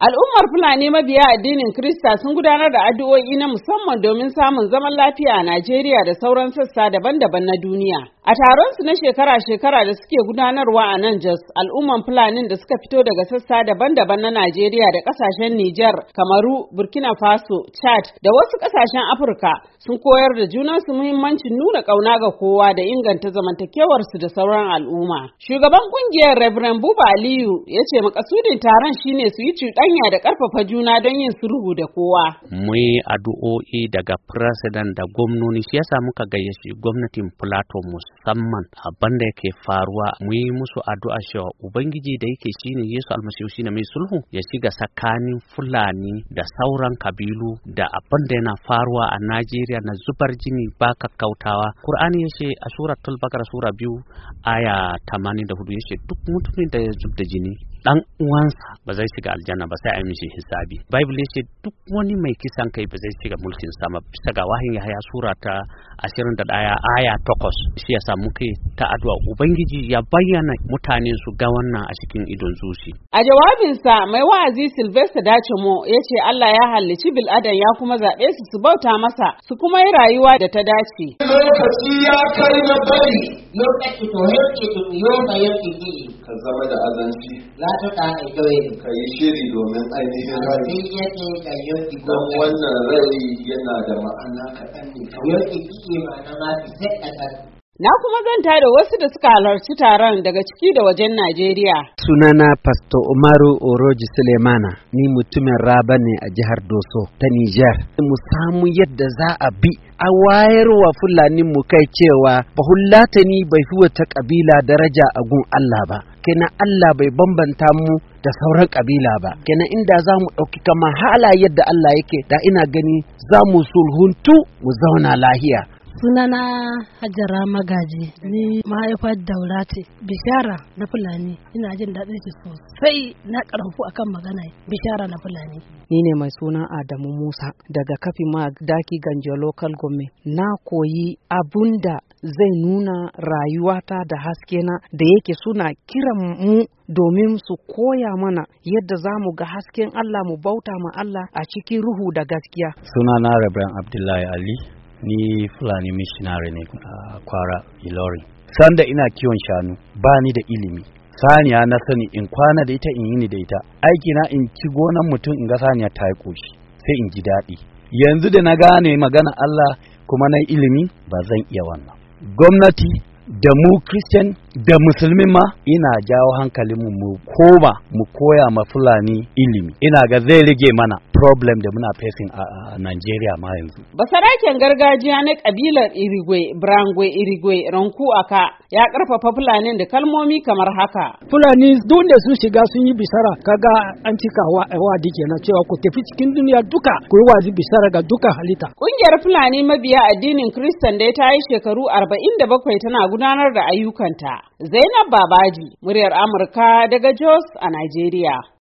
Al'ummar Fulani mabiya addinin Krista sun gudanar da addu'o'i na musamman domin samun zaman lafiya a Najeriya da sauran sassa daban-daban na duniya. A taron su na shekara-shekara da suke gudanarwa a nan Jos, al'umman Fulanin da suka fito daga sassa daban-daban na Najeriya da kasashen Nijar, Kamaru, Burkina Faso, Chad da wasu kasashen Afirka sun koyar da junansu muhimmancin nuna ƙauna ga kowa da inganta zamantakewar su da sauran al'umma. Shugaban kungiyar Reverend Buba Aliyu ya ce makasudin taron shine su yi cuɗanya da ƙarfafa juna don yin sulhu da kowa. Mu yi addu'o'i daga president da gwamnoni shi yasa muka gayyaci gwamnatin Plateau musamman abin da yake faruwa mu yi musu addu'a cewa ubangiji da yake shine Yesu almasihu shine mai sulhu ya shiga tsakanin Fulani da sauran kabilu da abin da yana faruwa a Najeriya na zubar jini ba kakkautawa Qur'ani ce a suratul Baqara sura biyu aya 84 ce duk mutumin da ya zub da jini dan uwansa ba zai shiga aljanna ba sai a mishi hisabi bible ce duk wani mai kisan kai ba zai shiga mulkin sama bisa ga wahin yahaya sura ta 21 aya 8 shi yasa muke ta addu'a ubangiji ya bayyana mutane su ga wannan a cikin idon zuci a jawabinsa mai wa'azi sylvester dachimo ce Allah ya halicci adam ya kuma zaɓe su su bauta masa su kuma yi rayuwa da ta dace lokaci ya kai na bari lokaci to to yau da yake ka zama da azanci tuɗa a gawai ka yi shiri domin ainihin rai abin yadda ka yanki don wannan rai yana da ma'ana kaɗan ne ka yanki kike ma'ana ma fi sai a Na kuma zanta da wasu da suka halarci taron daga ciki da wajen Najeriya. Sunana Pastor Umaru Oroji Sulemana, ni mutumin raba ne a jihar Doso ta Nijar. Mu samu yadda za a bi a wayarwa Fulani mu kai cewa ba ni bai fi wata kabila daraja a gun Allah ba. Kena Allah bai bambanta mu da sauran kabila ba Kena inda za mu ɗauki kama hala yadda Allah yake da ina gani za mu sulhuntu mu zauna lahiya sunana hajjara magaji ni mahaifar daura ce bishara na fulani ina jin daɗin shi sosai na karfu akan magana bishara na fulani ni ne mai suna adamu musa daga kafi ma daki ganjo local government na koyi abun da zai nuna rayuwata da haske na da yake suna kiran mu domin su koya mana yadda za mu ga hasken Allah mu bauta ma Allah a cikin ruhu da gaskiya. Suna na Rabban Abdullahi Ali ni fulani missionary ne a kwara ilori sanda ina kiwon shanu ba ni da ilimi saniya na sani in kwana da ita in yi ni da ita aiki na in ci gonan mutum in ga saniya ta yi koshi sai in ji daɗi yanzu da na gane magana Allah kuma na ilimi ba zan iya wannan gwamnati da mu christian da musulmi ma ina jawo hankalinmu mu koma mu koya ma fulani ilimi ina ga zai rage mana problem da muna facing a, Najeriya Nigeria ma yanzu. Basaraken gargajiya na kabilar Irigwe, Brangwe Irigwe, Ranku Aka ya karfafa Fulani da kalmomi kamar haka. Fulani duk da sun shiga sun yi bisara kaga an cika wadi kenan cewa ku tafi cikin duniya duka ku yi wadi bisara ga duka halitta. Kungiyar Fulani mabiya addinin Kristan dai ta yi shekaru 47 tana gudanar da ayyukanta. Zainab Babaji, muryar Amurka daga Jos a Najeriya.